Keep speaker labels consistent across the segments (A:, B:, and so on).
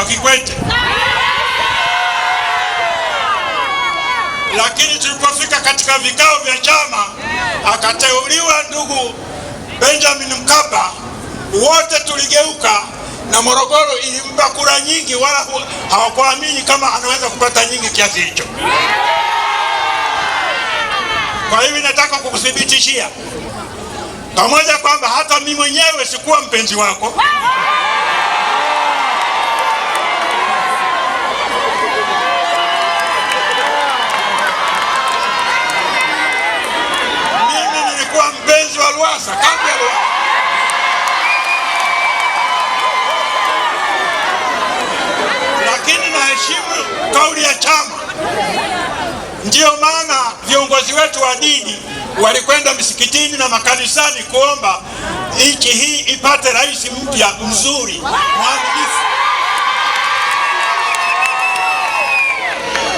A: kwa Kikwete. Lakini tulipofika katika vikao vya chama, akateuliwa ndugu Benjamin Mkapa, wote tuligeuka na Morogoro ilimpa kura nyingi, wala hawakuamini kama anaweza kupata nyingi kiasi hicho. Kwa hivyo nataka kukuthibitishia pamoja kwamba hata mimi mwenyewe sikuwa mpenzi wako Kinshasa, Kambelo. Lakini naheshimu kauli ya chama. Ndiyo maana viongozi wetu wa dini walikwenda misikitini na makanisani kuomba nchi hii ipate rais mpya mzuri mwaminifu.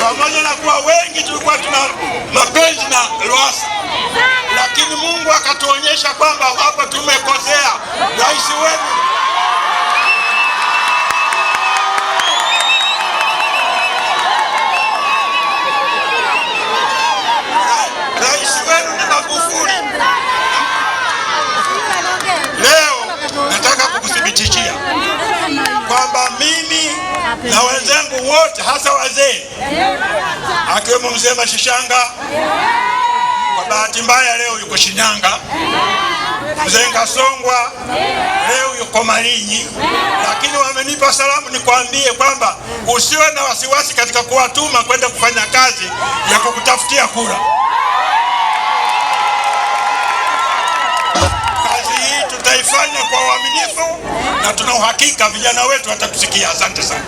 A: Pamoja na kuwa wengi tulikuwa tuna mapenzi na Lwasa Mungu akatuonyesha kwamba hapa tumekosea. Rais wenu rais wenu ni Magufuli. Leo nataka kukuthibitishia kwamba mimi na wenzangu wote, hasa wazee akiwemo mzee Mashishanga kwa bahati mbaya leo yuko Shinyanga, mzee Kasongwa leo yuko Malinyi, lakini wamenipa salamu nikwambie kwamba usiwe na wasiwasi katika kuwatuma kwenda kufanya kazi ya kukutafutia kura. Kazi hii tutaifanya kwa uaminifu na tuna uhakika vijana wetu watatusikia. Asante sana.